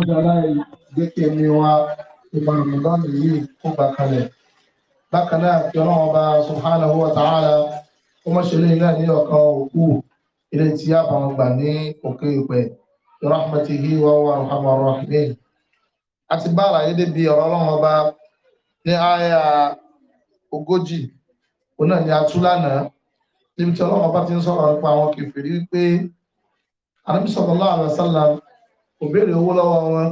ọjà láì jẹ́ kí ẹ̀mí wa ìmọ̀ Ramadan yìí kó gbà kalẹ̀ bákan náà kí ọlọ́run ọba subhanahu wa ta'ala ó mọ̀ ṣẹlẹ̀ náà ní ọ̀kan òkú ilé tí a bá wọn gbà ní òkè ìpẹ́ rahmatihi wa wa rahman rahimin a ti bá àlàyé débi ọ̀rọ̀ ọlọ́run ọba ní àyà ogójì òun náà ni a tú lánàá níbi tí ọlọ́run ọba ti ń sọ̀rọ̀ nípa àwọn kẹfìrí wípé àdàbí sallallahu alaihi kò béèrè owó lọ́wọ́ wọn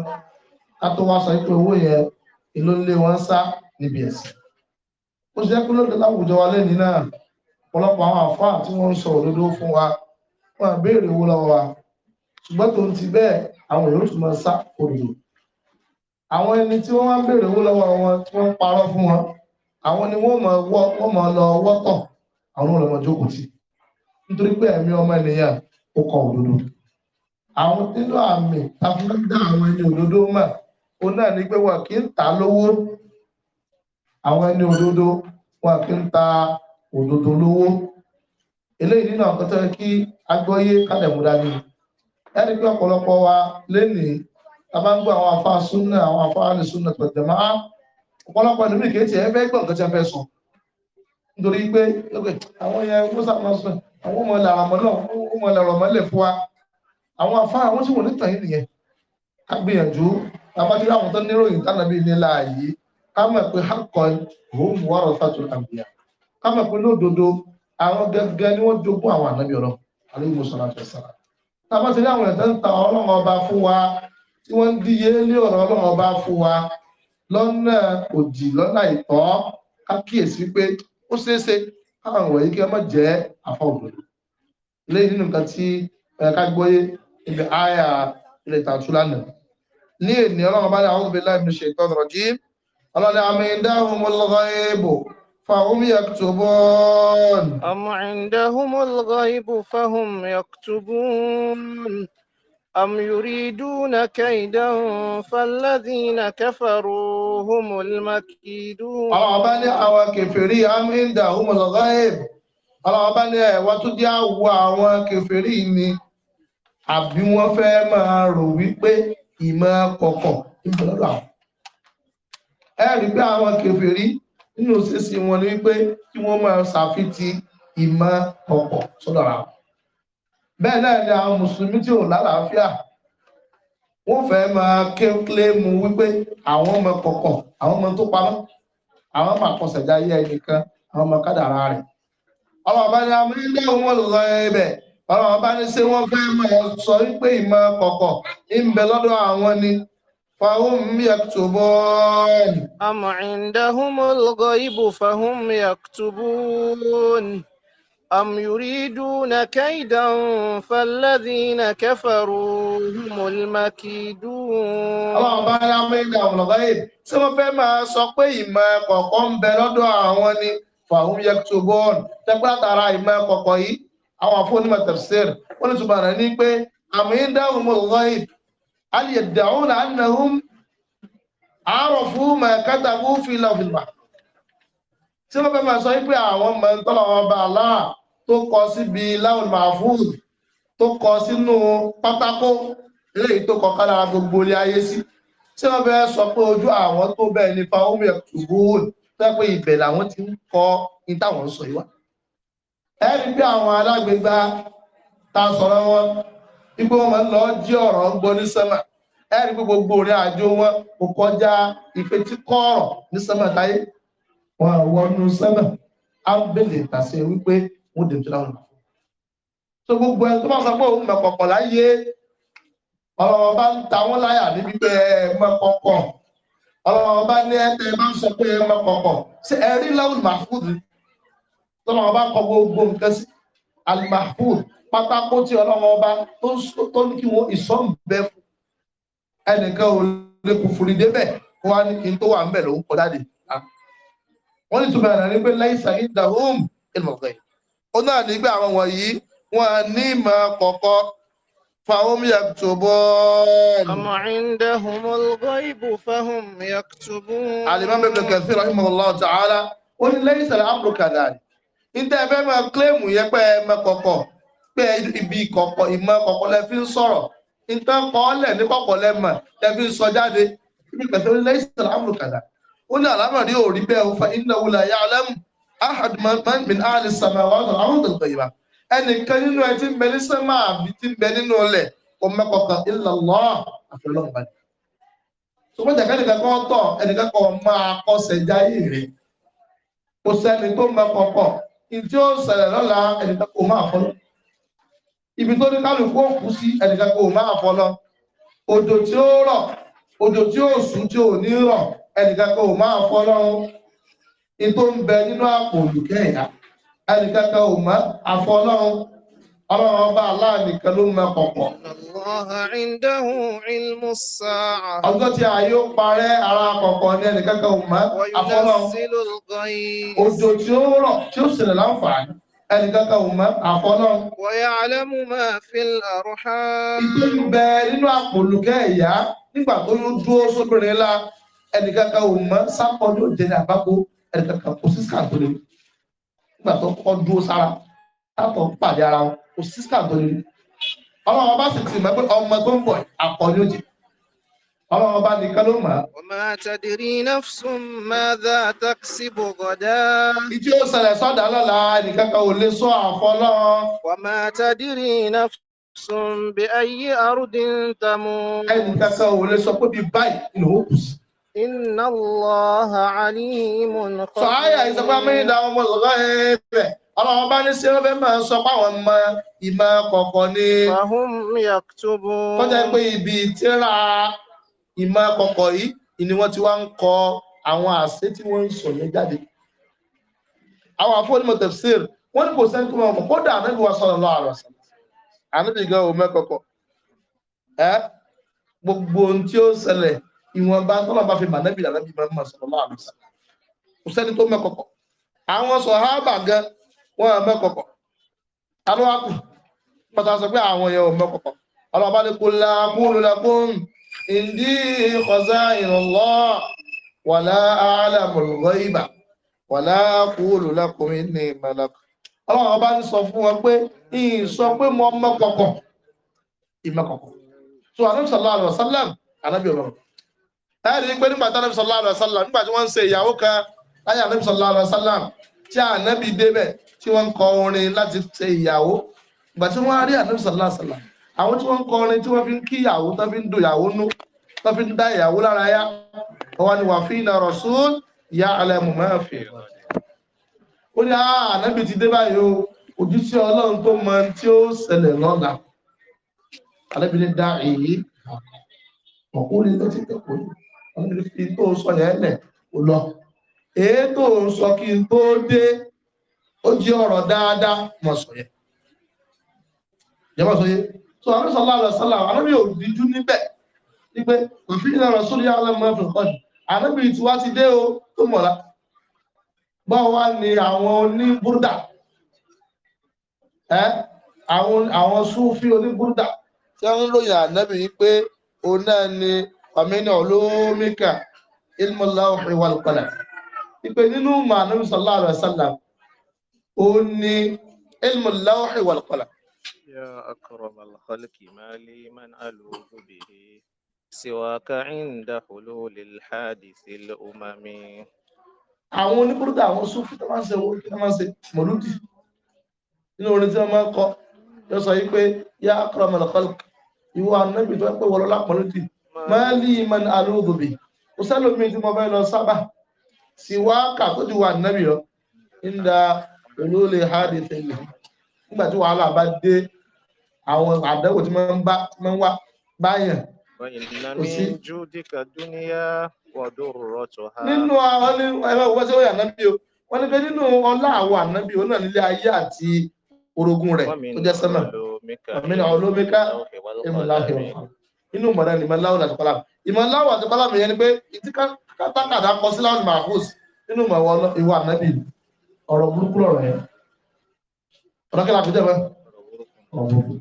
ká tó wá sọ pé owó yẹn ìlú lé wọn sá níbi ẹ̀sìn ó ṣe jẹ́ lóde láwùjọ wa lẹ́ni náà ọ̀pọ̀lọpọ̀ àwọn àfáà tí wọ́n ń sọ òdodo fún wa wọ́n béèrè owó lọ́wọ́ wa ṣùgbọ́n tó ń ti bẹ́ẹ̀ àwọn èèyàn tún máa sá òdodo àwọn ẹni tí wọ́n wá béèrè owó lọ́wọ́ wọn tí wọ́n ń parọ́ fún wọn àwọn ni wọ́n máa lọ wọ́tọ̀ àwọn ọlọ́mọ nítorí pé ẹ̀mí ọmọ ènìyàn ó kọ òdodo àwọn nínú àmì tàbídá àwọn ẹni òdodo mọ̀ ó náà ní pé wọn kì í ta lówó àwọn ẹni òdodo wọn kì í ta òdodo lówó eléyìí nínú àkọtọ kí agbóyé kádẹmúdá ni ẹni pé ọ̀pọ̀lọpọ̀ wa lénìí tàbá ń gbọ́ àwọn afá súnà àwọn afá alẹ súnà pẹtẹmọ á ọ̀pọ̀lọpọ̀ ẹni mìíràn kì í tiẹ̀ ẹ fẹ́ gbọ́ nǹkan tí a fẹ́ sọ nítorí pé àwọn yẹn wọn sábà sọ àwọn ọmọ làwọn ọmọ náà wọn ọmọ làwọn ọmọ lè àwọn afá àwọn tí wọ́n ní tàn yín nìyẹn ká gbìyànjú abájúlá àwọn tó níròyìn tánàbí nílá yìí ká mọ̀ pé hakan òun wọ́rọ̀ sátò àmìyà ká mọ̀ pé lódodo àwọn gẹ́gẹ́ ni wọ́n jogún àwọn ànábì ọ̀rọ̀ àlùmọ̀ sọ̀rọ̀ àfẹ́sàrà tábà ti rí àwọn ẹ̀tọ́ ń ta ọlọ́run ọba fún wa tí wọ́n ń díye lé ọ̀rọ̀ ọlọ́run ọba fún wa lọ́nà òdì lọ́nà ìtọ́ ká kíyèsí pé ó ṣeéṣe káwọn wọ̀nyí kí wọ́n mọ̀ jẹ́ àfọ̀gbọ̀n lẹ́yìn nínú nǹkan tí ẹ̀ka gbọ́yé ibi àyà ilẹ̀ tààtú lánàá ní èdè ọlọ́run bá ní àwọn òbí láì ṣe ìtọ́nà rọ̀jí ọlọ́ni àmì ìdáhùn mọ́lọ́gọ́ èèbò fahum yaktubun. àmì ìdáhùn mọ́lọ́gọ́ èèbò fahum yaktubun. أم يريدون كيدا فالذين كفروا هم المكيدون. àwọn ọba ní àwọn kẹfìrí àmì ìdáhùn mọ́lọ́gọ́ èèbò àwọn ọba ní ẹ̀wọ́ tó dé àwọ̀ àwọn kẹfìrí ni. àbí wọn fẹ́ máa rò wípé ìmọ̀ kọ̀kọ̀ ń àwọn. ẹ rí pé àwọn kèfèrí nínú wọn ni wípé kí wọ́n máa ṣàfitì ìmọ̀ kọ̀kọ̀ sọ́dọ̀ bẹ́ẹ̀ náà ni àwọn mùsùlùmí tí ò lálàáfíà Wọn máa wípé àwọn ọmọ àwọn ọmọ tó pamọ. àwọn ọmọ ẹnìkan àwọn ọmọ kádàrá lọ ẹbẹ̀ ọ̀rọ̀ ọba ní ṣé wọ́n fẹ́ máa sọ wípé ìmọ̀ kọ̀kọ̀ ń bẹ lọ́dọ̀ àwọn ni fahum yaktubun. am indahumul ghaibu fahum yaktubun. am yuriduna kaydan falladhina kafaru humul makidun. ọ̀rọ̀ ọba ní àwọn ilẹ̀ àwọn ọ̀gá yìí ṣé wọ́n àwọn afọ́nímọ̀ tafsir wọ́n tún bàrà ní pé àmì dáhùn mọ́ lọ́yìn alìyẹ̀dáhùn àánàhùn àárọ̀ fún mẹ́kátà fún fìlà fìlà tí wọ́n fẹ́ máa sọ pé àwọn mẹ́ntọ́lọ̀ ọba aláà tó kọ síbi láwùn mahfuz tó kọ sínú pátákó eléyìí tó kọ kára gbogbo ilé ayé sí tí wọ́n fẹ́ sọ pé ojú àwọn tó bẹ́ẹ̀ nípa omi ẹ̀kùnbó tẹ́ pé ibẹ̀ làwọn ti ń kọ ní sọ yìí ẹ̀rí bí àwọn alágbègbà ta sọ̀rọ̀ wọn ipò wọn máa ń lọ jí ọ̀rọ̀ ń gbọ́ ní sẹ́mà ẹ̀rí pé gbogbo rẹ̀ àjò wọn kò kọjá ìfetíkọ́ọ̀rọ̀ ní sẹ́mà táyé wọn wọnú sẹ́mà á ń bèlè tàṣẹ wípé wọn dè tó dáhùn. so gbogbo ẹni tó máa sọ pé òun mẹ́kọ̀ọ̀kọ̀ láyé ọlọ́wọ́ bá ń ta wọ́n láyà níbi pé ẹ mẹ́kọ̀ọ̀kọ̀ ọlọ́wọ́ bá ní ẹ tẹ́ bá ń sọ pé ẹ mẹ́kọ̀ọ̀kọ̀ ṣé ẹ rí lẹ́wọ̀n tọ́lọ́ ọba kọ gbogbo nǹkan sí al-mahfuz pátákó tí ọlọ́wọ́ ọba tó ní kí wọ́n ìsọ́ǹbẹ fún ẹnìkan ò lè kú fúri débẹ̀ kó wá ní kí n tó wà ń bẹ̀ ló wọ́n ní túnbẹ̀ ní pé láìsà ìdáhùn ìmọ̀gẹ̀ ó náà ní pé àwọn wọ̀nyí wọ́n ní ìmọ̀ kọ̀kọ́ فهم يكتبون أم عندهم الغيب فهم يكتبون الإمام ابن كثير رحمه الله تعالى قل ليس كذلك níta ẹfẹ́ máa kílẹ̀mù yẹn pé ẹmọ kọ̀kọ̀ pé ibi kọ̀kọ̀ ìmọ̀ kọ̀kọ̀ lẹ fi ń sọ̀rọ̀ níta kọ́ọ̀lẹ̀ ní kọ̀kọ̀ lẹ mọ̀ lẹ fi ń sọ jáde ibi pẹ̀sẹ̀ onílẹ̀ ìsìlẹ̀ áfùrùkàdà ó ní àlámà rí òrí bẹ́ẹ̀ ó fa iná wula yà lẹ́mù áhàdùmọ̀ min áàlì sàmàwà ọ̀dọ̀ àwọn òdòdó ìbá ẹnìkan nínú ẹ ti ń bẹ ní sẹ́mà àbí ti ń bẹ nínú ọlẹ̀ kò mẹ́kọ̀ọ̀kan ìlàlọ́ àfẹ́lọ́gbà ni. ṣùgbọ́n jẹ́ kẹ́nìkan kan tọ̀ ìtí ó ṣẹlẹ̀ lọ́la ẹnìkan kò máa fọ́lọ́ ibi tó ní kálukú òkú sí ẹnìkan kò máa fọ́lọ́ odò tí ó rọ̀ odò tí ó sùn tí ò ní rọ̀ ẹnìkan kò máa fọ́lọ́ ìtò ń bẹ nínú àpò olùkẹ́ ìyá ẹnìkan kò máa afọ́lọ́ Ọlọ́run ọba aláàdìkan ló mọ kọ̀kọ̀. Ọjọ́ tí a yóò parẹ́ ara kọ̀kọ̀ ní ẹnìkankan ò mọ́ àfọ́lọ́. Òjò tí ó rọ̀ tí ó ṣẹlẹ̀ láǹfààní ẹnìkankan ò mọ́ àfọ́lọ́. Ìtọ́jú bẹ nínú àpòlùkẹ́ ìyá nígbà tó yóò dúró sóbìnrin la ẹnìkankan ò mọ́ sápọ̀ ní òjẹ́ ní àbákò ẹnìkankan kò sí sàkóso nígbà tó kọ́ dúró sára látọ̀ pàdé ara wọn kò sísà tó lè ọmọ ọba sì ti mọ̀ pé ọmọ tó ń bọ̀ àkọ́ni ó jẹ ọmọ ọba nìkan ló mọ̀. ọmọ àtàdìrí nafsun mẹ́ta takisibu gọ̀dá. ìjì ó ṣẹlẹ̀ sọ́dà lọ́la nìkan kan ò lè sọ àfọlọ́. ọmọ àtàdìrí nafsun bí ayé arúdín tamú. ẹnìkan kan ò lè sọ pé bí báyìí ni ó kù sí. inna Allaha alimun khabir. sọ àyà ìsọfúnni dáhùn mọ́ lọ́gọ́ ẹ̀ẹ́fẹ̀ ọlọ́run bá ní sí wọ́n fẹ́ máa sọ páwọn ọmọ ìmọ̀ kọ̀ọ̀kan ní. fahum yaktubun. kọjá pé ibi tíra ìmọ̀ kọ̀ọ̀kan yìí ni wọ́n ti wá ń kọ àwọn àṣẹ tí wọ́n ń sọ yẹn jáde. àwọn àfọwọ́n onímọ̀ tafsir wọ́n ní kò sẹ́ni tó máa mọ̀ kódà ànábì wa sọ̀rọ̀ lọ́wọ́ àrọ̀ sọ̀rọ̀ ànábì gan ò mẹ́kọ̀ọ̀kọ̀ ẹ́ gbogbo ohun tí ó ṣẹlẹ̀ ìwọ̀nba tọ́lọ̀ bá fi mànábì ànábì máa ń sọ̀rọ̀ lọ́wọ́ àrọ̀ sọ̀rọ̀ kò sẹ́ni tó mẹ́kọ̀ọ̀kọ̀ àwọn sọ̀hábà gan wọ́n ẹ̀ mẹ́kọ̀kọ̀ alọ́wàkù pàtà sọ pé àwọn yẹn ò mẹ́kọ̀kọ̀ ọlọ́ọ̀bá ní kula qulu lakum indi khaza'inullah wala a'lamul ghaiba wala qulu lakum inni malak ọlọ́ọ̀bá ń sọ fún wọn pé ìyìn tí wọ́n ń kọ orin láti ṣe ìyàwó ìgbà tí wọ́n rí ànábì sallallahu alaihi wasallam àwọn tí wọ́n ń kọ orin tí wọ́n fi ń kí ìyàwó tó fi ń do ìyàwó nú tó fi ń dá ìyàwó lára yá wọ́n ni wà fina rasul ya'lamu ma fi ó ní ànábì ti dé báyìí o òjíṣẹ́ ọlọ́run tó mọ tí ó ṣẹlẹ̀ lọ́la ànábì ní dá èyí ọkùnrin ló ti dẹ̀kọ́ ọkùnrin fi tó sọ yẹn lẹ̀ ó lọ èyí ó jẹ́ ọ̀rọ̀ dáadáa mọ̀ sọ̀yẹ́ jẹ́mọ̀ sọ̀yẹ́ so àwọn sọ̀lá àlọ́ sọ̀lá anábì ò díjú níbẹ̀ wípé òfin náà rọ̀ sórí alámọ̀ fìkọ́dì anábì tí wá ti dé o tó mọ̀lá bá wá ní àwọn oní búrúdà ẹ àwọn àwọn súnfí oní búrúdà tí wọ́n ròyìn anábì wípé òun náà ni ọ̀mẹ́ni olómìkà ilmọ̀lá òfin wà nínú mọ̀ anábì sọ̀lá àlọ́ ó ní ilmu lawhi wal qalam. ya akramal khalqi ma li man aluhu bihi siwaka inda hululil hadisil umami. àwọn oníkúrúdà àwọn sùfù tó máa ń ṣe owó kí wọ́n máa ń ṣe mọ̀lúdì nínú orin tí wọ́n máa ń kọ yóò sọ yìí pé ya akramal khalqi ìwọ ànábì tó pé wọ́n lọ́la pọ̀lúdì máa lì man aluhu bihi kò sẹ́lómi tí mo fẹ́ lọ sábà siwaka tó ti wà ànábì lọ ń pẹ̀lú olè hádìí tẹ̀lẹ̀ nígbà tí wàhálà bá dé àwọn àdánwò tí máa ń wá báyàn kò sí. nínú àwọn ní ẹ̀rọ owó tí ó yà nábì o wọ́n ní pé nínú ọlá àwọn ànábì o náà nílé ayé àti orogún rẹ̀ tó jẹ́ sẹ́mà àmìnà olómíkà ìmọ̀láhì ọ̀fà nínú mọ̀rẹ́ ni ìmọ̀láhùn àti kọ́lá ìmọ̀láhùn àti kọ́lá mi yẹn ni pé ìtí kátàkàdá kọ sí láwọn ìmọ̀ àfọ́s nínú ìwà ànábì ọ̀rọ̀ burúkú lọ̀rọ̀ yẹn ọ̀rọ̀ kí lápẹjẹ mọ́ ọ̀rọ̀ burúkú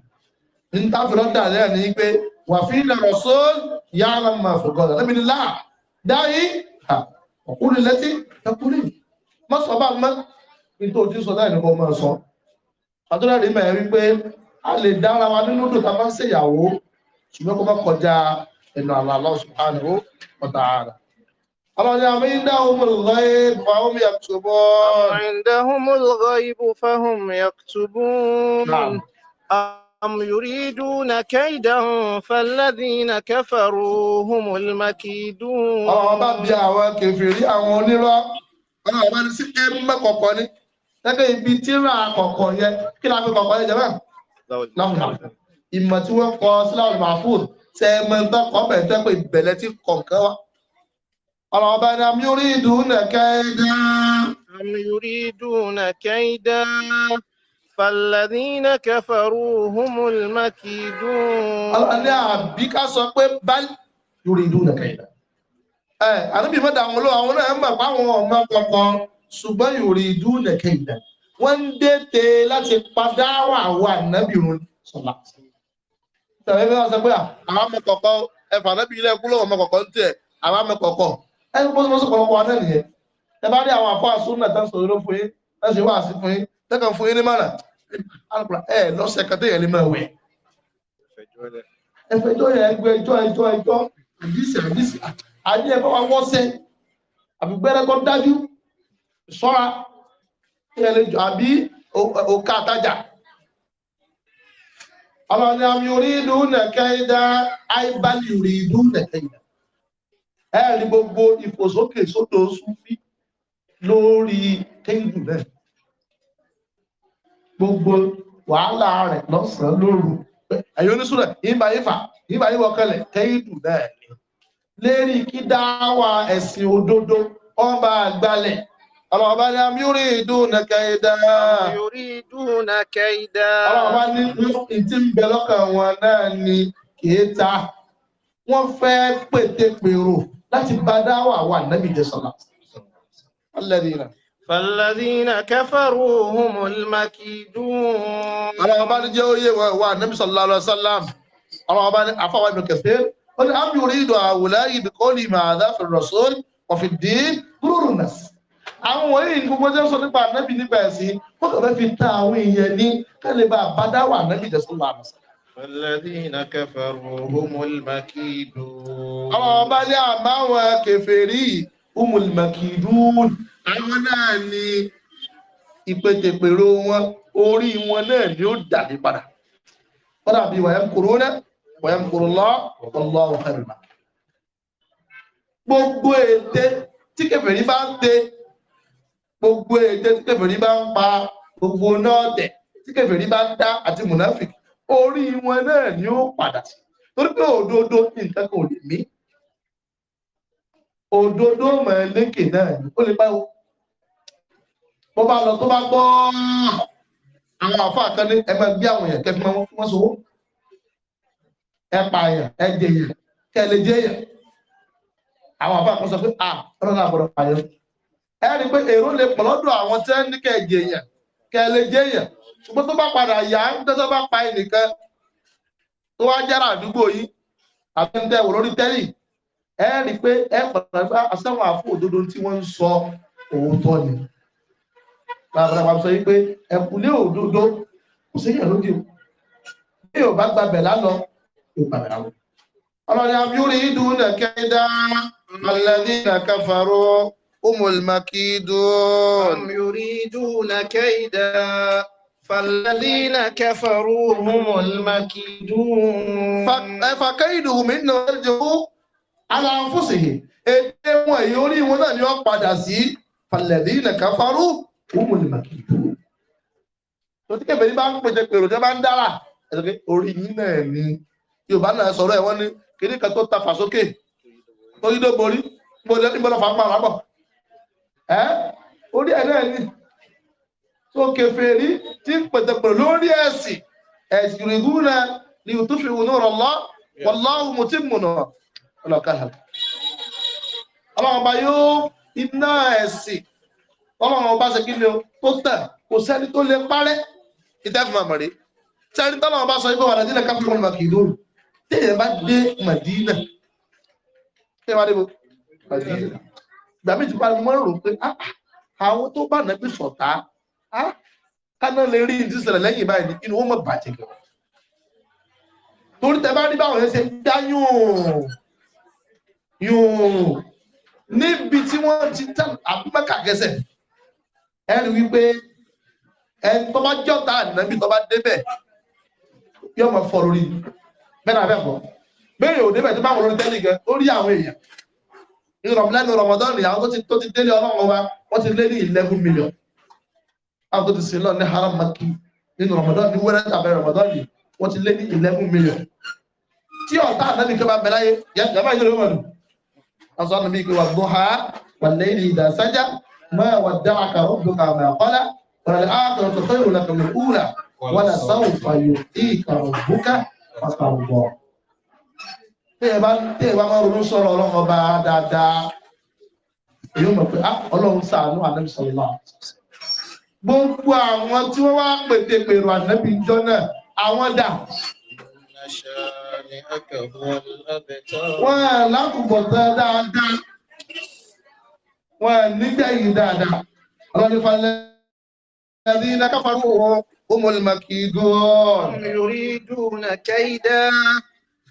ní táfìlọ́ dà lẹ́yìn ní pé wà fi ilẹ̀ rọ̀ só yá ara mà fògọ́dà lẹ́mi ní láà dáyé ọkùnrin lẹ́tí ẹkùnrin mọ́ sọ bá mọ́ nítorí ojú sọ náà nìkan máa sọ àdúrà rí mẹ́rin wípé a lè dá wa nínú dùn tá ń ṣèyàwó ṣùgbọ́n kó má kọjá ẹnu àlọ́ Allah subhanahu wa ta'ala Ọlọ́run àmì ìdáhùn al-ghayb fahum yaktubun. Ìdáhùn al-ghayb fahum yaktubun. Am yuriduna kaydan falladhina kafaru humul makidun. Ọlọ́run bá bí àwọn kèfèrí àwọn onírọ́. Ọlọ́run bá ní sí ẹgbẹ́ kọ̀kọ́ ní. Gẹ́gẹ́ ibi tí ra kọ̀kọ̀ yẹ kí la fi kọ̀kọ̀ yẹ jẹ́ bẹ́ẹ̀. Ìmọ̀ tí wọ́n kọ sílẹ̀ ọ̀dùnmáfù tẹ́ ẹmọ ẹgbẹ́ kọ́ bẹ̀rẹ̀ tẹ́ pé ìbẹ̀lẹ̀ tí kọ̀ọ̀kan wá. ربنا أم يريدون كيدا أم يريدون كيدا فالذين كفروا هم المكيدون الله بك سوى بل يريدون كيدا ẹ àníbi mẹ́ta àwọn olówó àwọn náà ń bà páwọn ọmọ kankan ṣùgbọ́n yuriduna kayda wọ́n ń dètè láti padà wà wà nábìrún sọ̀lá. tẹ̀wé bí wọ́n sọ pé àwọn ọmọ kọ̀ọ̀kan ẹ̀fà nábìrún ilé ẹ̀kú lọ́wọ́ ọmọ kọ̀ọ̀kan ń tẹ̀ àwọn ọmọ kọ̀ọ̀kan ẹni bó sọ pọ̀ wà náà nìyẹn ẹ bá rí àwọn àfọ àsúnà tán sọ ìró fún yín tán sì wá àsí fún yín tẹ́kàn fún yín ní mọ́nà alùpùpù ẹ lọ́sẹ̀ kan téèyàn lè máa wẹ̀. ẹfẹjọ yẹn gbé ẹjọ́ ẹjọ́ ẹjọ́ àdìsí àdìsí àdìsí ẹ bá wa wọ́sẹ̀ àbígbẹ́rẹ́ kọ́ dájú sọ́ra téèyàn lè jọ àbí òkà àtajà. ọlọ́ni àmì orí ìdúnà kẹ́hìndá àìbálì orí ìdúnà kẹ́hìndá ẹ rí gbogbo ìfòsókè sódò súnfí lórí téèdù rẹ̀ gbogbo wàhálà rẹ̀ lọ́sàn-án lóru ẹ̀yọ́ oníṣúrẹ̀ ìbá ìfà ìbá ìwọ̀kẹlẹ̀ téèdù náà ni lérí kí dáwà ẹ̀sìn òdodo ọba àgbálẹ̀ ọlọ́ọ̀bá ni a yóò rí ìdúnà kẹ́ìdá ọlọ́ọ̀bá ní ìtí ń bẹ lọ́kàn wọn náà ni kìí ta wọ́n fẹ́ pètèpèrò láti bá dáwà wà nábì jẹ́ sọ́lá alẹ́dìnà fàlàdínà kẹfàrú ohun makidun àwọn ọba ní jẹ́ oyè wà nábì sọ́lá alẹ́sàlám àwọn ọba ní afọwà ibn Kathir ó ní àmì orí ìdò àwòlá ibi kó lè máa dá fi rasul ọ̀fìn dé gúrúrù nà sí àwọn wọ̀nyí ní gbogbo jẹ́ sọ nípa nábì nígbà ẹ̀sìn wọ́n fẹ́ fi ta àwọn èèyàn ní kẹ́lẹ́ bá dáwà nábì jẹ́ sọ́lá alẹ́sàlám Fẹ́lẹ́dínà kẹfẹ̀rù humulmakidu. Àwọn ọba ní àmáwọn kẹfẹ̀rí humulmakidu. Àwọn náà ni ìpètèpèrò wọn, orí wọn náà ni ó dàbí padà. Wọ́n dàbí wàyẹ̀ kúrò náà, wàyẹ̀ kúrò lọ́, ọlọ́ ọ̀hẹ́rìmà. Gbogbo ète tí kẹfẹ̀rí bá ń te, gbogbo ète tí kẹfẹ̀rí bá ń pa, gbogbo náà tẹ̀, tí kẹfẹ̀rí bá ń dá àti mùnáfìkì orí wọn náà ni ó padà sí torí pé òdodo nǹkan kan lè mí òdodo mọ̀ lékè náà ni ó lè bá wo bó bá lọ tó bá gbọ́ àwọn àfáà kan ní ẹ máa gbé àwọn èèyàn kẹfí máa wọ́n sọ ẹ pa èèyàn ẹ jẹ èèyàn kẹ lè jẹ èèyàn àwọn àfáà kan sọ pé à ọlọ́run àbọ̀rọ̀ pààyàn ẹ rí i pé èrò lè pọ̀ lọ́dọ̀ àwọn tẹ́ ní kẹ jẹ èèyàn kẹ lè jẹ èèyàn ṣùgbọ́n tó bá padà yá tó bá pa ẹnìkan tó wá jára àdúgbò yìí àbẹ́ntẹ́ wò lórí tẹ́lì ẹ rí i pé ẹ pàtàkì bá àṣẹwọ̀n àfọ òdodo tí wọ́n ń sọ òótọ́ ni bàbá wa sọ yìí pé ẹ̀kúlé òdodo kò sí yẹn lójú bí yóò bá gba bẹ̀ lánàá yóò gba bẹ̀ lánàá. ọlọ́ni abiyúrí ìdùn náà kẹ́dá alẹ́dí náà káfàró umul makidun. am yuriduna kayda. فالذين كفروا هم المكيدون فكيدهم إن يرجعوا على أنفسهم ètè wọn èyí orí wọn náà فالذين كفروا هم المكيدون tó tí kébèrè bá ń pèsè pèrò tó bá ń dára ẹ̀sọ́kẹ́ orí yín náà ni Yorùbá náà sọ̀rọ̀ ẹ̀ wọ́n ní kan tó ta fàsókè tó yí dó borí níbo lọ́fà ń pa àràbọ̀ ẹ́ orí ẹ̀ náà ni tó kèfèrí tí pẹ̀tẹ̀pẹ̀ lórí ẹ̀sìn ẹ̀sìn ìgbúna ni ò tó fi wù náà rọ̀lọ́ wọ́láhùn mo ti mùnà ọlọ́kàlà ọlọ́run ọba yóò iná ẹ̀sìn ọlọ́run ọba ṣe kí ni o tó tẹ̀ kò sẹ́ni tó lè parẹ́ ìtẹ́fùmọ̀ mọ̀rẹ́ sẹ́ni tọ́lọ́run ọba sọ ibò wà nàìjíríà káfíńkọ́n màkìlú gbàmí ti bá mọ́ rò pé ah, ah, àwọn tó bá nàbí sọ̀tá káná lè rí ìdí sẹ̀rẹ̀ lẹ́yìn báyìí inú wọn mọ̀ bàjẹ́ gan torí tẹ́bá rí báwọn yẹn ṣe dá yùn yùn níbi tí wọ́n ti tẹ́ àbúmẹ́kà gẹ́sẹ̀ ẹni wípé ẹni tó bá jọ́ta ànábì tó bá débẹ̀ yóò mọ̀ fọ́ lórí bẹ́ẹ̀ náà bẹ́ẹ̀ bọ́ bẹ́ẹ̀ ò débẹ̀ tó bá wọ̀ lórí tẹ́lẹ̀ gan ó rí àwọn èèyàn ìrọ̀lẹ́nu rọmọdọ́nù àwọn tó ti sin haram maki in Ramadan ní wẹ́rẹ́ tàbí Ramadan yìí wọ́n ti lé ní eleven million tí ọ̀tá àtẹ́ni kí wọ́n bẹ láyé yàrá yìí ló wọ̀ nù aṣọ àná mi kí wà gbọ́ ha wà lẹ́yìn ìdá sájà máa wà dá àkàrọ̀ gbọ́ àmì àkọ́lá wà lẹ́ àkàrọ̀ tó fẹ́ràn lẹ́kọ̀ọ́ lẹ́kúrà wà lẹ́ sáwù fàyò tí ìkàrọ̀ bùkà pàtà ọ̀gbọ̀. téè bá máa ronú sọ̀rọ̀ ọlọ́run ọba dáadáa èyí ó mọ̀ pé ah, ọlọ́run ṣàánú àdébísọ̀rọ̀ náà gbogbo àwọn tí wọ́n wá pètèpèrò ànábì jọ náà àwọn dà. wọ́n lákòókò tán dáadáa wọ́n nígbẹ̀yìn dáadáa ọlọ́dún falẹ̀ ẹ̀dí lákàfàrú wọn ó mọ̀lẹ́mọ̀kì dùn. ọ̀rọ̀ mi rí dùn náà kẹ́ ìdá.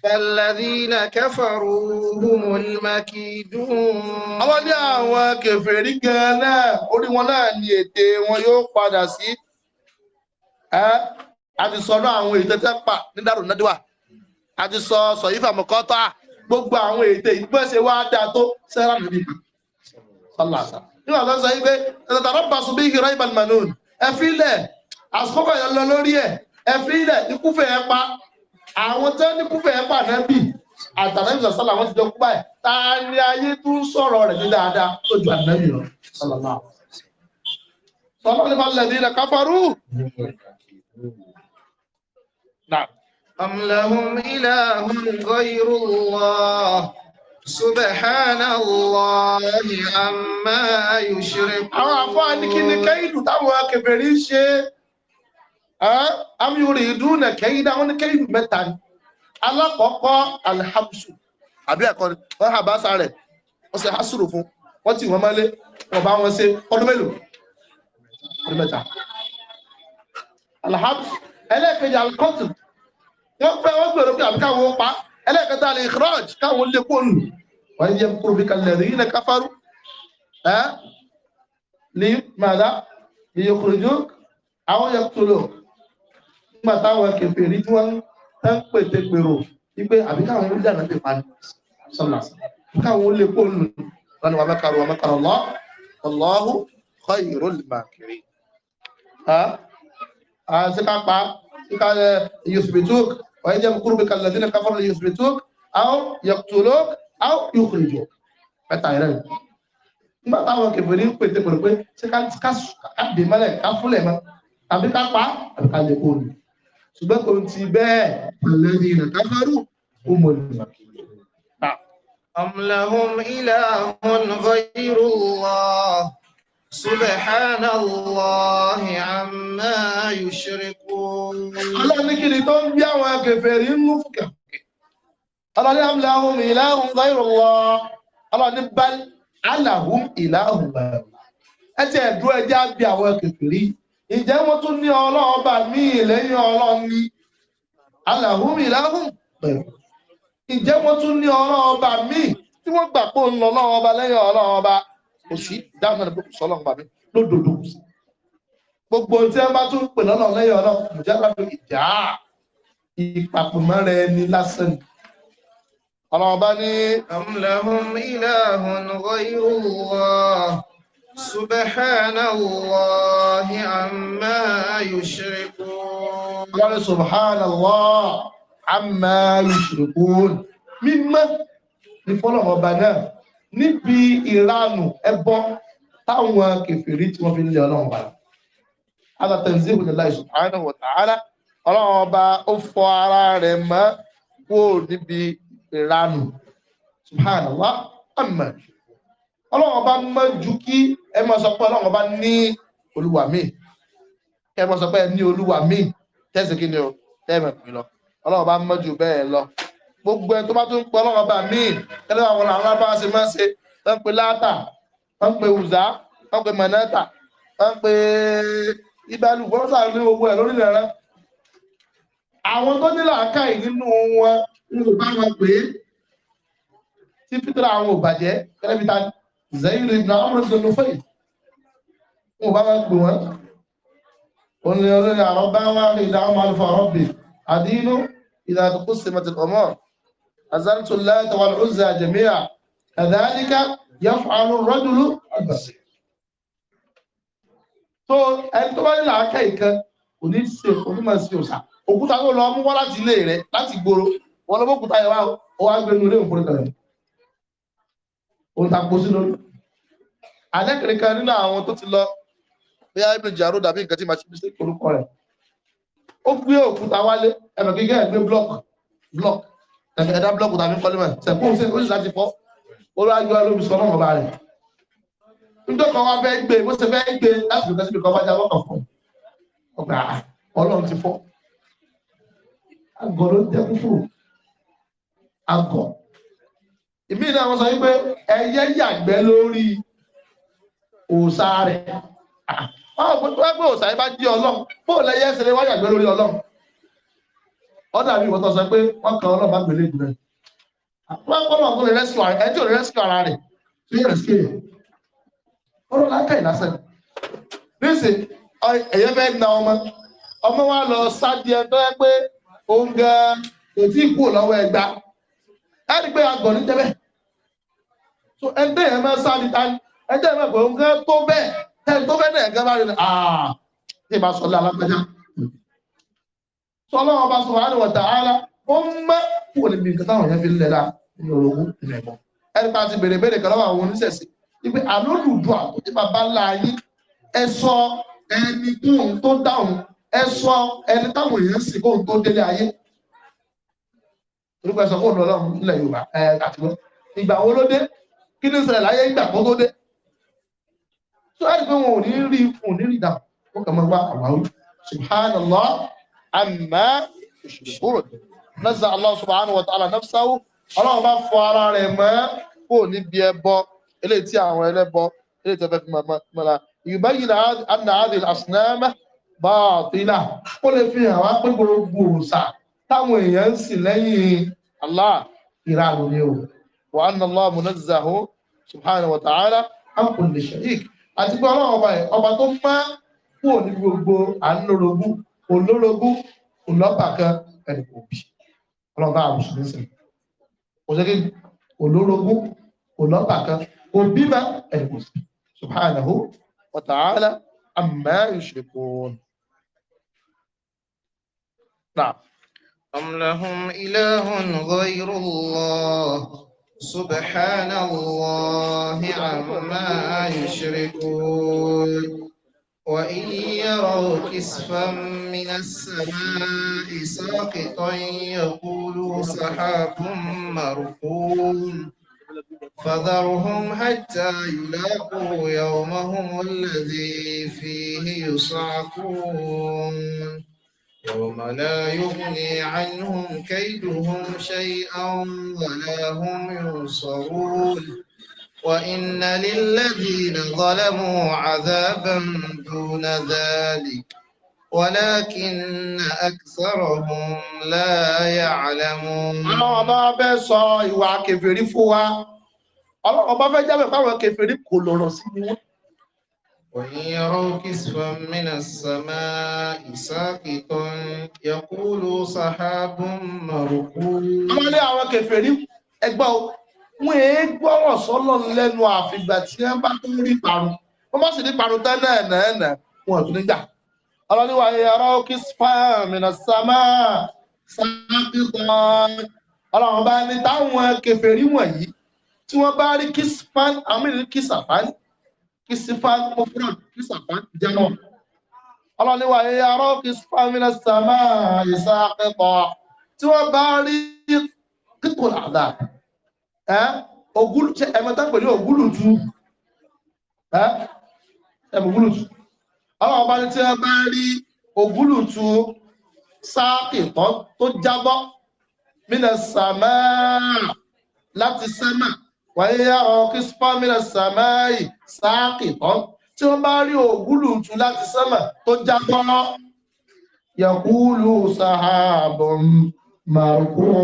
Fàlàdínà káfàrú humul makidun. Àwọn ní àwọn kèfèrí gan náà, orí wọn náà ni ète wọn yóò padà sí. A ti sọ náà àwọn ète tẹ́pà ní Dàrú Nàdíwà. A ti sọ Sọ̀yífà Mọ̀kọ́tà. Gbogbo àwọn ète ìgbésẹ̀ wá dáa tó sẹ́rà nìbí. Sọ́làsà. Nígbà tó sọ yí pé, ẹ̀sẹ̀tàrọ́ bá sùn bí ìhìrọ̀ ìbàlùmọ̀ náà. àsopọ̀ yẹn lọ lórí ẹ̀. Ẹ ikú fẹ́ ẹ pa àwọn tó ní kúfẹ̀ ẹ̀ pà náà bì àtàlẹ́bí sàlá wọn ti jọ kú báyìí ta ni ayé tó ń sọ̀rọ̀ rẹ̀ ní dáadáa tó ju àtàlẹ́bí lọ sàlámà. sọlá ní balẹ̀ ní ilẹ̀ káfárú. أم لهم إله غير الله سبحان الله عما يشركون. àwọn àfọ àníkí ni kẹ́hìndù táwọn akẹfẹ́ rí ṣe amúyúrí ìdúnà kẹ́yìdá wọn ní kẹ́yìdù mẹ́ta ni alákọ̀ọ́kọ́ alhamsu àbí ẹ̀kọ́ wọn hà bá sá rẹ̀ wọ́n ṣe hasuru fún wọ́n tì wọ́n mọ́lé wọ́n bá wọn ṣe ọdún mélòó ọdún mẹ́ta alhamsu ẹlẹ́ẹ̀kejì alkọ́tù wọ́n pẹ́ wọ́n gbèrò pé àbí káwọn pa ẹlẹ́ẹ̀kẹta alikraj káwọn lè kó nù wọ́n yẹ kúrò bí kalẹ̀ rí ní káfárú ẹ́ ní màdá ìyókùrùjú àwọn yẹ kúrò nígbà táwọn kèfèrí tí wọ́n ń pète pèrò wípé àbí káwọn olùdíjà náà ti pa ní sọ́nà káwọn olè pò nù lọ́nà wàá mẹ́kàrọ̀ wàá mẹ́kàrọ̀ lọ́ Allahu khairul makirin. Àṣìká pa síká eh, yusbituk wàá jẹ́ kúrú bí kàlẹ́dín kafaru yusbituk àwọn yaqtuluk àwọn yukhrijuk mẹ́ta ìrẹ́ nígbà táwọn kèfèrí ń pète pèrò pé ṣé ká dè mọ́lẹ̀ ká fúnlẹ̀ mọ́ àbí ká pa àbí ká lè pò nù ṣùgbọ́n kò ti bẹ́ẹ̀ pẹ̀lẹ́ ní ilẹ̀ káfàrú ó mọ̀ ní Amlahum ilahun ghayrullah subhanallahi amma yushrikun. Ọlọ́ni kí ni tó ń bí àwọn akẹfẹ̀ẹ́rí ń mú fúkà? Ọlọ́ni amlahum ilahun ghayrullah. Ọlọ́ni bá alahum ilahun ghayrullah ìjẹ́ wọ́n tún ní ọlọ́ọ̀bà míì lẹ́yìn ọlọ́run ní aláhùnmí láhùn ìjẹ́ wọ́n tún ní ọlọ́ọ̀bà míì tí wọ́n gbà pé ń lọ lọ́ọ̀bà lẹ́yìn ọlọ́ọ̀bà òsì dáhùn ẹ̀rọ pẹ̀lú sọlọ́ọ̀bà mi lódodo gbogbo tí wọ́n سبحان الله عما يشركون قال سبحان الله عما يشركون mímọ́ ni fọ́lọ́run ọba náà níbi ìranù ẹbọ táwọn kèfèrí tí wọ́n fi ń lé ọlọ́run bá هذا تنزيه لله سبحانه وتعالى ọlọ́run ọba ó fọ ara rẹ̀ mọ́ kúrò níbi ìranù subhanallah amma ọlọ́wọ́n bá mọ́ ju kí ẹ mọ́ sọ pé ọlọ́wọ́n bá ní olúwa mi kẹ mọ́ sọ pé ẹ ní olúwa mi tẹ́sí kí ni o tẹ́ẹ̀mẹ̀ pè lọ ọlọ́wọ́n bá mọ́ ju bẹ́ẹ̀ lọ gbogbo ẹ tó bá tún pọ̀ ọlọ́wọ́n bá mi kẹlẹ́ àwọn alábá ṣe máa ṣe wọ́n ń pe láàtà wọ́n ń pe ùzá wọ́n ń pe mọ̀nẹ́tà wọ́n ń pe ìbálù wọ́n sàrò ní owó ẹ̀ lórílẹ̀ rẹ àwọn tó ní làákàyè nínú wọn ń bá wọn pè é tí fitra àwọn ò bàjẹ́ kẹlẹ́bí ta ni zayin ibn amr ibn nufayl wọn bá gbé wọn wọn ni olórí àrọ́bá wa ní ìdáhùn alfa rọ́bì àdínú ìdàdùkú simatil omar azartu lata wal uzza jami'a kadhalika yaf'alu rajulu abasi tó ẹni tó bá ní làákà ìkan kò ní ṣe sí òṣà òkúta láti ilé wọn lọ bókúta yẹn ó wá gbẹnu ilé òǹkúrò òun ta kó sínú alẹ́kìnrin kan nínú àwọn tó ti lọ bí i ibn jaro dàbí nǹkan tí ma ṣe mistake orúkọ rẹ̀ ó gbé òkúta wálé ẹ̀mẹ̀ gígẹ́ ẹ̀gbẹ́ block block ẹ̀mẹ̀ ẹ̀dá block tàbí kọ́límẹ̀ sẹ̀kú ó sì láti fọ́ orí ayọ́ ẹlòmí sọ náà ọba rẹ̀ ndókọ̀ wa fẹ́ gbé bó ṣe fẹ́ gbé láti lùkẹ́ síbi kan bá jábọ́ kan fún ọgbà ọlọ́run ti fọ́ àgọ́ ló jẹ́ kúfù àgọ́ ìmí náà wọ́n sọ wípé ẹyẹ yàgbẹ́ lórí òòṣà rẹ̀ ah, wọ́n pẹ́ pé òòṣà yìí bá jí ọlọ́run bóò lẹ́yẹ ṣe lè wá yàgbẹ́ lórí ọlọ́run ọ̀dà mi wọ́n tọ́ sọ pé wọ́n kan ọlọ́run bá gbélé jù rẹ̀ wọ́n kọ́ ọlọ́run tó lè rẹ́sìkò ara ẹjọ́ lè rẹ́sìkò ara rẹ̀ tó yẹ rẹ́sìkò rẹ̀ ọlọ́run láńkà ìlàsẹ̀ níṣẹ́ ẹ̀yẹ fẹ́ na ọmọ ọmọ wa lọ sáà ẹni pé agọ̀ ní tẹ́bẹ̀ so ẹgbẹ́ yẹn máa sáré ta ẹgbẹ́ yẹn máa bọ̀ nǹkan tó bẹ́ẹ̀ tẹ́ni tó bẹ́ẹ̀ náà gẹ́gẹ́ bá rí ni àà tí ì bá sọ lé alágbájá sọlọ́ ọba subhanahu wa ta'ala ó ń mẹ́ kúrò níbi nǹkan táwọn yẹn fi ń lẹ́la ní orogún ìmẹ̀bọ̀ ẹni pa ti bèrè bèrè kan lọ́wọ́ àwọn oníṣẹ̀ṣe ibi àlólùdù àtòjì bàbá ńlá yín ẹ sọ ẹni tó ń tó dáhùn ẹ sọ ẹni táwọn èèyàn sì kó ń tó délé ayé orúkọ ẹ̀sọ́ fóònù ọlọ́run ilẹ̀ yorùbá àtìgbọ́ ìgbà wo ló dé kí ní ṣẹlẹ̀ láyé ìgbà kó tó dé tó láti pé wọn ò ní rí fún ní rí dàpọ̀ ó kàn máa wá àwáwí subhanallah amma ìṣòro naza allah subhanahu wa ta'ala nafsahu ọlọ́run bá fọ ara rẹ̀ mọ́ kó níbi ẹbọ eléyìí tí àwọn ẹlẹ́bọ eléyìí tí wọ́n fẹ́ fi mọ́ra ìgbà yìí náà anna adil asnama bá àtìlá ó lè fi hàn wá pé gbogbo òrùsà táwọn èèyàn ń sìn lẹ́yìn Allah ìrààrò ni o wà á nàlọ́ munazzahu subhanahu wa ta'ala an kulli sharik àti pé ọlọ́run ọba yẹn ọba tó má kúrò ní gbogbo àńlórogún olórogún olọ́pàá kan ẹnì kò bí ọlọ́run bá àbùsùn subhanahu wa ta'ala amma yushrikun. Now. أم لهم إله غير الله سبحان الله عما يشركون وإن يروا كسفا من السماء ساقطا يقولوا سحاب مرقوم فذرهم حتى يلاقوا يومهم الذي فيه يصعقون يوم لا يغني عنهم كيدهم شيئا ولا هم ينصرون وإن للذين ظلموا عذابا دون ذلك ولكن أكثرهم لا يعلمون àwọn ọmọ abẹ́ sọ ìwà kèfèrí fún wa ọlọ́run bá fẹ́ jábẹ̀ وإن يروا كسفا من السماء ساقطا يقولوا سحاب مركوب àwọn ilé àwọn kèfèrí ẹgbọ́ wọn èé gbọ́rọ̀ sọ́lọ̀ lẹ́nu àfìgbà tí wọ́n bá tó rí parun wọ́n bá sì rí parun tán náà náà náà wọn tún nígbà ọlọ́niwà ẹ̀yàrá kìsfà mìíràn sàmà sàkìtàn ọlọ́run bá ní táwọn kèfèrí wọ̀nyí tí wọ́n bá rí kìsfà àmì rí kìsàfà ní kìsìfà mọ́fúrán kìsàfà jẹ́nà ọlọ́niwà yíya rọ́ kìsìfà mílẹ̀ sàmà ìsà akẹ́kọ̀ tí wọ́n bá rí kíkùn àdá ẹmẹta pẹ̀lú ògúlùtú ọlọ́wọ́ bá ní tí wọ́n bá rí ògúlùtú sáàkìtọ́ tó jábọ́ mílẹ̀ sàmà láti sẹ́mà wáyé ọkí spamina samai sáàkì tán tí wọ́n bá rí ògúlù tú láti sánmà tó já gbọ́nà yàkúlù sàábùn màkúrò.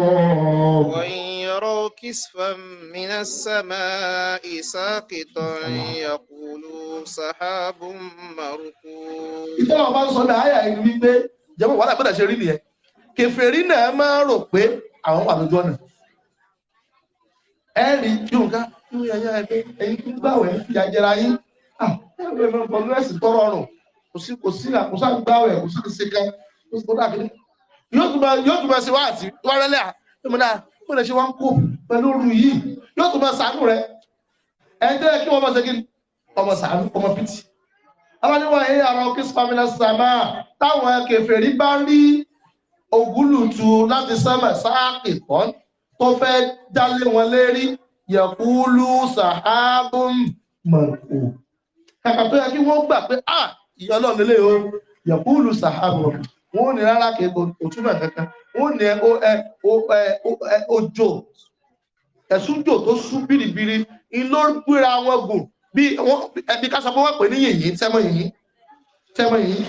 ويرى كسفا من السماء ساقطا يقول سحاب مركوم. ìtọ́lọ̀ bá ń sọ ní àyà ìlú wípé jẹ́wọ́ wàhálà gbọ́dọ̀ ṣe rí nìyẹn kèfèrí náà máa rò pé àwọn wà lójú ẹ̀rí tí òun ká tí ó yáyá ẹgbẹ́ ẹ̀yìn tí ń gbàwẹ̀ ń fi àjẹrà yín ẹ̀rọ ẹ̀mọ pẹ̀lú ẹ̀sìn tọrọ ọ̀rùn kò sí kò sí àkóso àgbàwẹ̀ kò sí kìsì kan kò sí kò dà kìíní. yóò tún bá ṣe wá àti wárẹ́lẹ́ à ah, ẹ̀mọ náà mo lè ṣe wá ń kó pẹ̀lú òru yìí yóò tún bá ṣàánú rẹ ẹ̀ńtẹ́ kí wọ́n bá ṣe sàmà táwọn kèfèrí bá rí ògúlùtù láti sẹ́mẹ̀ sáà kìkọ́ni tó fẹ́ dálé wọn lérí yẹ̀kúlú sàhábùn mọ̀kù kàkà tó yẹ kí wọ́n gbà pé à ah, ìyá ọlọ́run lélẹ̀ o yẹ̀kúlú sàhábùn wọn ò ní rárá kí òtúmọ̀ kankan wọn ò ní ojò ẹ̀sùn jò tó sú bìrìbìrì iná gbéra wọn gùn bí ẹbí ká sọ pé wọ́n pè ní yìnyín sẹ́mọ̀ yìnyín sẹ́mọ̀ yìnyín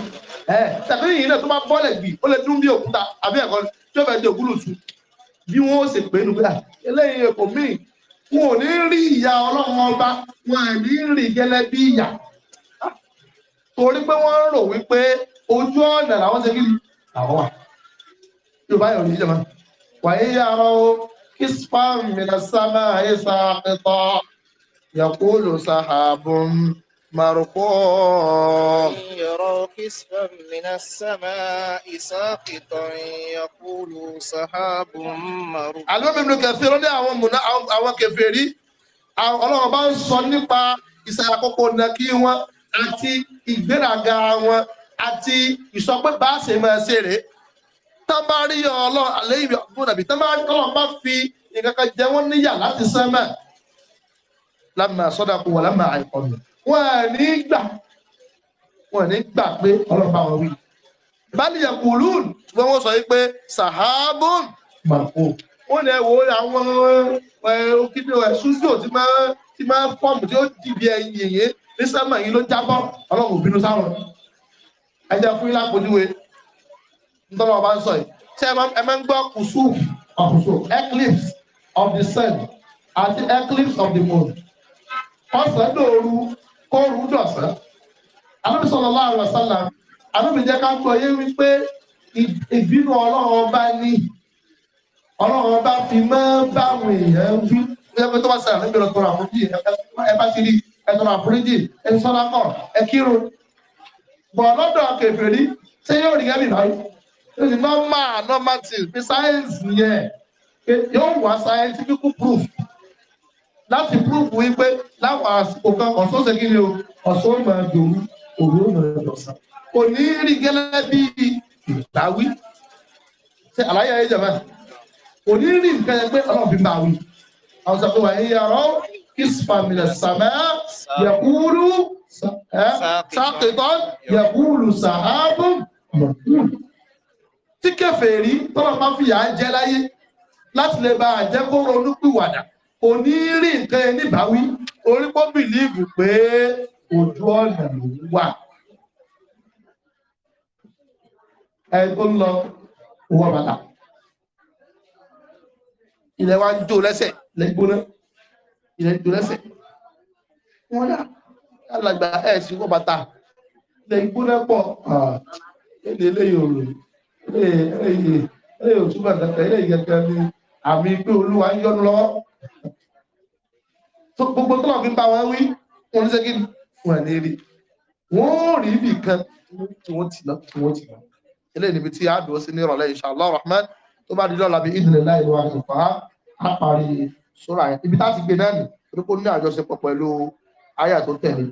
ẹ̀ sẹ́mọ̀ yìnyín náà tó bá bọ́lẹ̀ gbì ó lè dún bí òkúta àbí ẹ̀kọ́ tí ó fẹ́ di òkúlùtù bí wọn ó sì pé nu pé eléyìí èkó míì wọn ò ní rí ìyá ọlọ́run ọba wọn à ní rí gẹ́lẹ́ bí ìyà torí pé wọ́n ń rò wípé ojú ọ̀nà làwọn ṣe kí làwọn wà yorùbá yọ̀ níjẹ̀ máa wàyí yàrá o kispan minasama ayé sa akitọ́ yakulu sahabun. مرقوم يروا كسفا من السماء ساقطا يقول سحاب مرقوم الإمام ابن كثير ní àwọn mùnà àwọn kèfèrí Ọlọ́run bá ń sọ nípa ìsàkókò nàkí wọn àti ìgbéraga wọn àti ìsọpẹ́ bá a ṣe máa ṣe rèé tán bá rí Ọlọ́run àléyìn ọ̀gbọ́n àbí tán bá rí Ọlọ́run bá fi nǹkan kan jẹ wọ́n níyà láti sánmà lámà sọ́dà kú wọ́n lámà àìkọ́nù wọn à ní gbà wọn à ní gbà pé ọlọ́pàá wọn wí. bali yakulun ṣùgbọ́n wọ́n sọ yìí pé sahabun mako wọ́n lè wo àwọn òkìdí ṣúṣù tí máa tí máa fọ́ọ̀mù tí ó dìbì ẹyin yìnyín ní sẹ́mà yìí ló jábọ́ ọlọ́run òbínú sáwọn ẹjẹ fún yín lápòjúwe ntọ́lọ́ ọba ń sọ yìí ṣé ẹ máa ń gbọ́ kùsù ọ̀kùsù eclipse of the sun àti eclipse of the moon ọ̀sán dòoru kó rú dọ̀sán anábì sallallahu alaihi wasallam anábì jẹ́ ká gbọ́ yé wípé ìbínú ọlọ́run ọba ní ọlọ́run ọba fi mọ́ báwọn èèyàn wí ẹgbẹ́ tó bá sẹ́yà níbi ọ̀rọ̀ tọrọ àforíjì ẹ bá ti rí ẹ tọrọ àforíjì ẹ sọ́lá kọ̀ ẹ kírun bọ̀ lọ́dọ̀ kèfèrí ṣé yóò rí ẹ̀mí báyìí yóò ní normal normal things bí yẹn yóò wá scientific proof láti púrúfù wípé láwọn àsìkò kan ọ̀sán ṣe kí ni o ọ̀sán ó máa dòun òru ó máa dọ̀sán kò ní rí gẹ́lẹ́ bí ìgbàwí ṣe àlàyé ayé jẹ̀mọ́ kò ní rí nǹkan yẹn pé ọlọ́run fi máa wí àwọn sọ pé wà ní yàrá kìsìpàmìlẹ̀ sàmẹ́ yẹ̀kúrú sàkìtọ́ yẹ̀kúrú sàhábù mọ̀kúrú tí kẹfẹ́ rí tọ́lọ́ máa fi yà á jẹ́ láyé láti lè bá àjẹkóró onúpìwàdà òní rí nǹkan ẹni bá wí orí pọ́ bìlíìfù pé ojú ọ̀nà ló wà ẹ tó lọ owó bàtà ilẹ̀ wa ń jó lẹ́sẹ̀ lẹ́gbóná ilẹ̀ ń jó lẹ́sẹ̀ wọ́n dà alàgbà ẹ̀ sí owó bàtà lẹ́gbóná pọ̀ ẹ̀ẹ́dẹ̀ eléyìí òòrùn eléyìí òtúbà kẹkẹ eléyìí kẹkẹ ni àmì pé olúwa ń yọ́nu lọ́wọ́ gbogbo tó lọ fi bá wọn wí wọn ní sẹ́kì wọn ní rí wọn rí ibì kan tí wọ́n ti lọ tí wọ́n ti lọ eléyìí níbi tí a dùn sí ní ìrọ̀lẹ́ inshallah rahman tó bá di lọ́la bí ìdílé láì lọ́wọ́ àgbẹ̀fà á parí sóra yẹn ibi tá ti gbé náà nì torí kó ní àjọṣepọ̀ pẹ̀lú àyà tó tẹ̀lé